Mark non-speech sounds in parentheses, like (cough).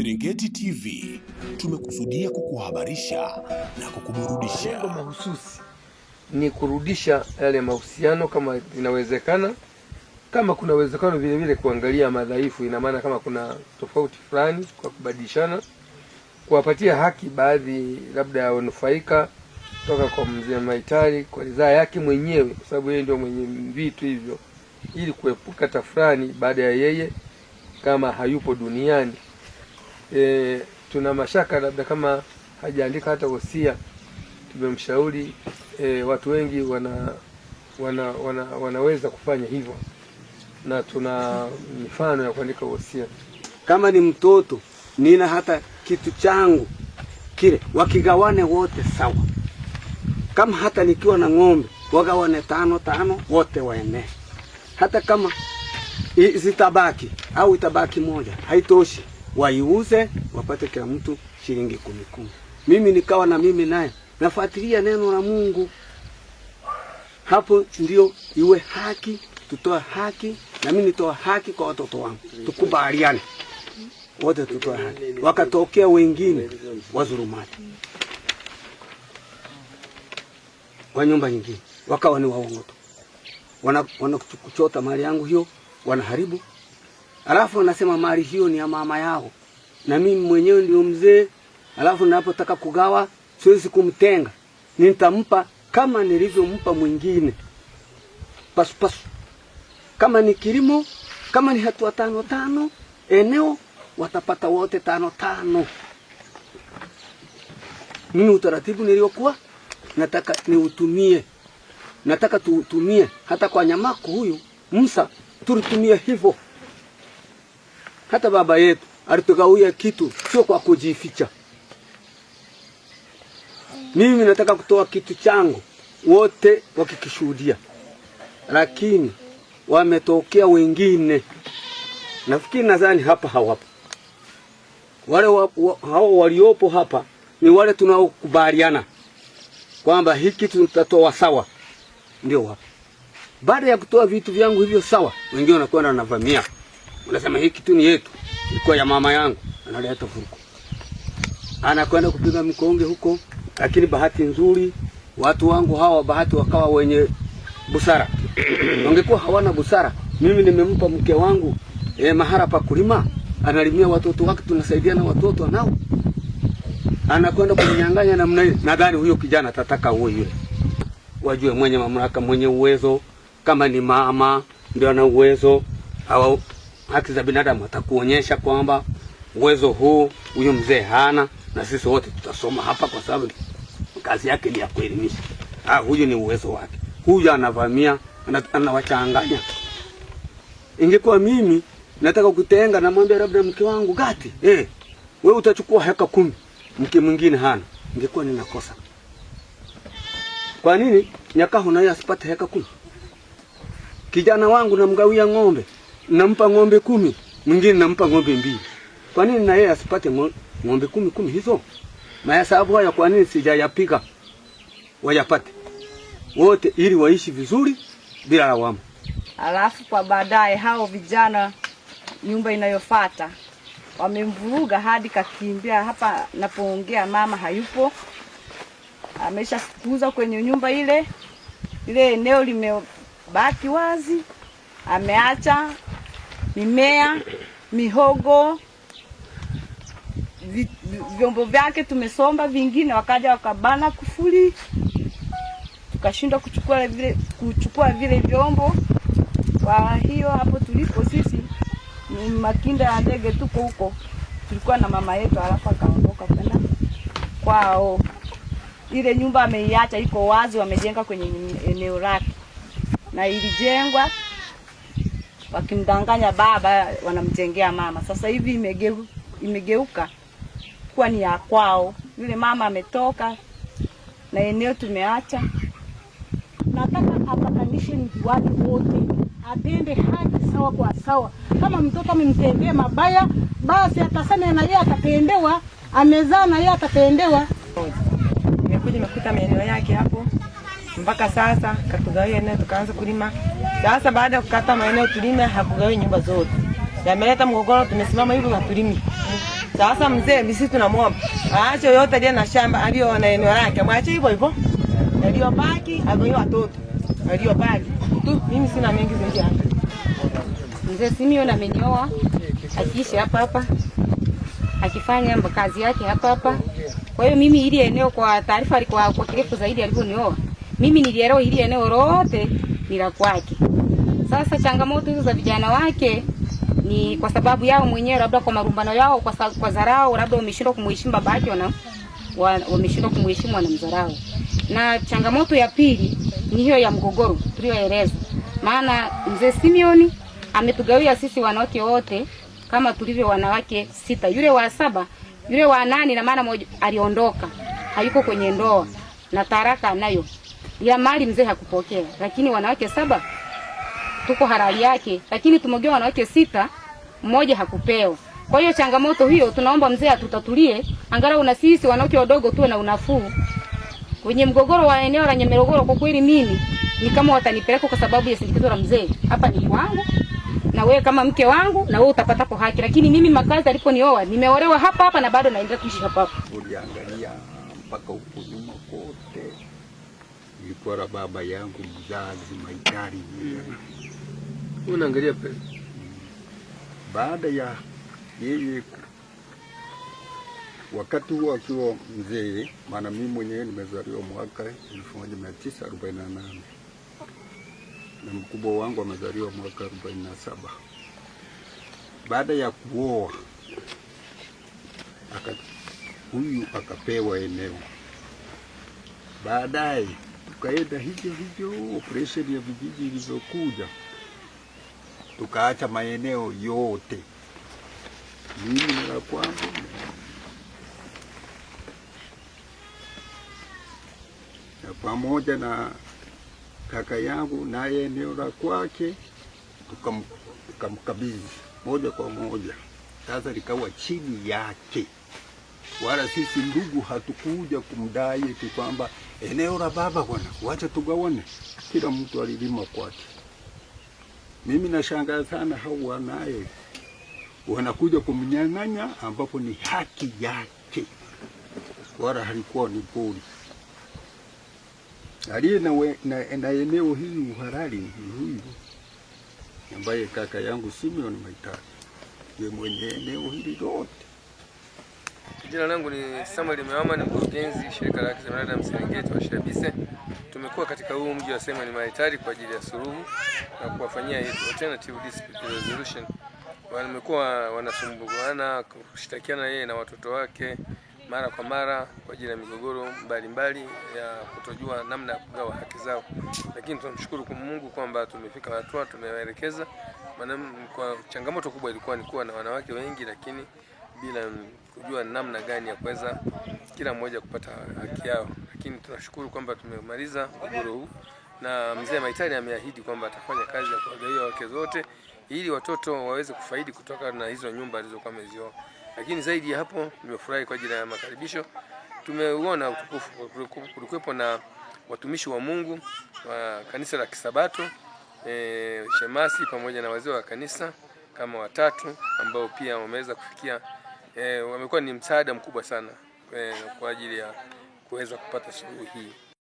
Serengeti TV tumekusudia kukuhabarisha na kukuburudisha. Lengo mahususi ni kurudisha yale mahusiano kama inawezekana, kama kuna uwezekano vile vile kuangalia madhaifu, ina maana kama kuna tofauti fulani, kwa kubadilishana, kuwapatia haki baadhi labda wanufaika kutoka kwa mzee Maitali kwa ridhaa yake mwenyewe, kwa sababu yeye ndio mwenye vitu hivyo, ili kuepuka tafrani baada ya yeye kama hayupo duniani e, tuna mashaka labda kama hajaandika hata wosia. Tumemshauri e, watu wengi wana, wana, wana wanaweza kufanya hivyo na tuna mifano ya kuandika wosia. Kama ni mtoto nina hata kitu changu kile, wakigawane wote sawa. Kama hata nikiwa na ng'ombe wagawane tano tano, wote waenee. Hata kama zitabaki au itabaki moja haitoshi waiuze wapate kila mtu shilingi kumi kumi. Mimi nikawa na mimi naye nafuatilia neno la Mungu, hapo ndio iwe haki, tutoa haki na mimi nitoa haki kwa watoto wangu, tukubaliane wote tutoa haki. Wakatokea wengine wazurumati wa nyumba nyingine, wakawa ni waongo tu, wanakuchota wana mali yangu hiyo, wanaharibu alafu anasema mali hiyo ni ya mama yao, na mimi mwenyewe ndio mzee, alafu ninapotaka kugawa siwezi kumtenga, nitampa kama nilivyompa mwingine pasupasu Kama ni kilimo, kama ni hatua tano tano, eneo watapata wote tano tano. Mimi utaratibu niliokuwa nataka niutumie, nataka tuutumie hata kwa nyamaku huyu Musa tulitumie hivyo. Hata baba yetu alitugawia kitu, sio kwa kujificha. Mimi nataka kutoa kitu changu, wote wakikishuhudia, lakini wametokea wengine, nafikiri nadhani hapa hawapo. Wale wa, wa, hao waliopo hapa ni wale tunaokubaliana kwamba hiki tutatoa sawa, ndio wapo. Baada ya kutoa vitu vyangu hivyo sawa, wengine wanakwenda wanavamia unasema hii kitu ni yetu, ilikuwa ya mama yangu, analeta vurugu, anakwenda kupiga mkonge huko. Lakini bahati nzuri watu wangu hawa bahati wakawa wenye busara (clears throat) wangekuwa hawana busara, mimi nimempa mke wangu e, mahara pa kulima, analimia watoto wake, na watoto nao, anakwenda kunyang'anya namna hiyo. Nadhani huyo kijana atataka uwe yule, wajue mwenye mamlaka, mwenye uwezo. Kama ni mama ndio ana uwezo, hawa haki za binadamu atakuonyesha kwamba uwezo huu huyu mzee hana, na sisi wote tutasoma hapa, kwa sababu kazi yake ni ya kuelimisha. Ah, huyu ni uwezo wake, huyu anavamia, anawachanganya. Ingekuwa mimi nataka kutenga, namwambia labda mke wangu Gati, eh, wewe utachukua heka kumi, mke mwingine hana, ingekuwa ninakosa. Kwa nini Nyakaho naye asipate heka kumi? Kijana wangu namgawia ng'ombe nampa ng'ombe kumi, mwingine nampa ng'ombe mbili. Kwa nini na yeye asipate ng'ombe kumi kumi hizo? Mahesabu haya kwa nini sijayapiga wayapate wote, ili waishi vizuri bila lawama, alafu kwa baadaye hao vijana nyumba inayofata wamemvuruga hadi kakimbia. Hapa napoongea mama hayupo, ameshafukuza kwenye nyumba ile ile, eneo limebaki wazi, ameacha mimea, mihogo, vyombo vyake tumesomba, vingine wakaja wakabana kufuli, tukashindwa kuchukua vile, kuchukua vile vyombo. Kwa hiyo hapo tulipo sisi ni makinda ya ndege, tuko huko, tulikuwa na mama yetu, alafu akaondoka kwenda kwao. Ile nyumba ameiacha iko wazi, wamejenga kwenye eneo lake na ilijengwa wakimdanganya baba wanamtengea mama. Sasa hivi imegeu, imegeuka kuwa ni ya kwao. Yule mama ametoka na eneo tumeacha. Nataka apatanishe watu wote, atende haki sawa kwa sawa. Kama mtoto amemtendea mabaya, basi atasema na yeye atatendewa, amezaa na yeye atatendewa. Nimekuja nimekuta maeneo yake hapo, mpaka sasa katugaia eneo tukaanza kulima sasa baada ya kukata maeneo tulime, hakugawi nyumba zote, yameleta mgogoro. Tumesimama hivyo hatulimi. Sasa mzee misi tunamwomba aache yote aliye na shamba aliyo na eneo lake mwache hivyo hivyo, aliyobaki agawie watoto aliyobaki tu. Mimi sina mengi zaidi hapa. Mzee Simeon amenioa akiishi hapa hapa akifanya kazi yake hapa hapa. Kwa hiyo mimi ili eneo kwa taarifa, alikuwa kwa kirefu zaidi alivyonioa mimi nilielewa ili eneo lote ni la kwake. Sasa changamoto hizo za vijana wake ni kwa sababu yao mwenyewe, labda kwa marumbano yao, kwa, kwa dharau, labda wameshindwa kumheshimu baba yake, wana wameshindwa kumheshimu, wanamdharau. Na changamoto ya pili ni hiyo ya mgogoro tuliyoeleza, maana mzee Simeon ametugawia sisi wanawake wote kama tulivyo wanawake sita. Yule wa saba, yule wa nane, na maana moja aliondoka, hayuko kwenye ndoa na taraka nayo ya mali mzee hakupokea, lakini wanawake saba tuko halali yake, lakini tumeogewa wanawake sita, mmoja hakupewa. Kwa hiyo changamoto hiyo tunaomba mzee atutatulie, angalau na sisi wanawake wadogo tuwe na unafuu kwenye mgogoro wa eneo la Nyamirogoro. Kwa kweli mimi ni kama watanipeleka kwa sababu ya sindikizo la mzee. Hapa ni kwangu na wewe kama mke wangu, na wewe utapata kwa haki, lakini mimi makazi aliponioa nimeolewa hapa hapa na bado naendelea kuishi hapa hapa. Uliangalia mpaka huko nyuma kote ilikuwa baba yangu mzazi Maitari. mm unaangalia pesa. baada ya yeye, wakati huo akiwa mzee, maana mimi mwenyewe nimezaliwa mwaka 1948 na mkubwa wangu amezaliwa mwaka 47. Baada ya kuoa huyu akapewa eneo, baadaye tukaenda hivyo hivyo, operesheni ya vijiji ilizokuja tukaacha maeneo yote. Mimi na kwangu na pamoja na kaka yangu, naye eneo la kwake tukamkabidhi moja kwa moja, sasa likawa chini yake wala sisi ndugu hatukuja kumdai kwamba eneo la baba bwana, wacha tugawane. Kila mtu alilima kwake. Mimi nashangaa sana hao wanaye wanakuja kumnyang'anya ambapo ni haki yake, wala halikuwa ni pori aliye na, na eneo hili uhalali huyu ambaye kaka yangu Simeon Maitari ye mwenye eneo hili lote. Jina langu ni Samuel Mewama, ni mkurugenzi shirika la haki za binadamu Serengeti wa Shirabise. Tumekuwa katika huu mji wa Sema ni maritari kwa ajili ya suluhu na kuwafanyia alternative dispute resolution. Wamekuwa wanasumbuana, kushtakiana yeye na watoto wake mara kwa mara kwa ajili ya migogoro mbalimbali ya kutojua namna ya kugawa haki zao, lakini tunamshukuru kwa Mungu kwamba tumefika hatua, tumewaelekeza. Maana Kwa changamoto kubwa ilikuwa ni kuwa na wanawake wengi, lakini bila kujua namna gani ya kuweza kila mmoja kupata haki yao, lakini tunashukuru kwamba tumemaliza mgogoro huu na mzee Maitani ameahidi kwamba atafanya kazi ya kuwagawia wake zote ili watoto waweze kufaidi kutoka na hizo nyumba alizokuwa amezioa. Lakini zaidi ya hapo, nimefurahi kwa ajili ya makaribisho. Tumeuona utukufu, kulikuwepo na watumishi wa Mungu wa kanisa la Kisabato e, shemasi pamoja na wazee wa kanisa kama watatu ambao pia wameweza kufikia wamekuwa eh, ni msaada mkubwa sana eh, kwa ajili ya kuweza kupata suluhu hii.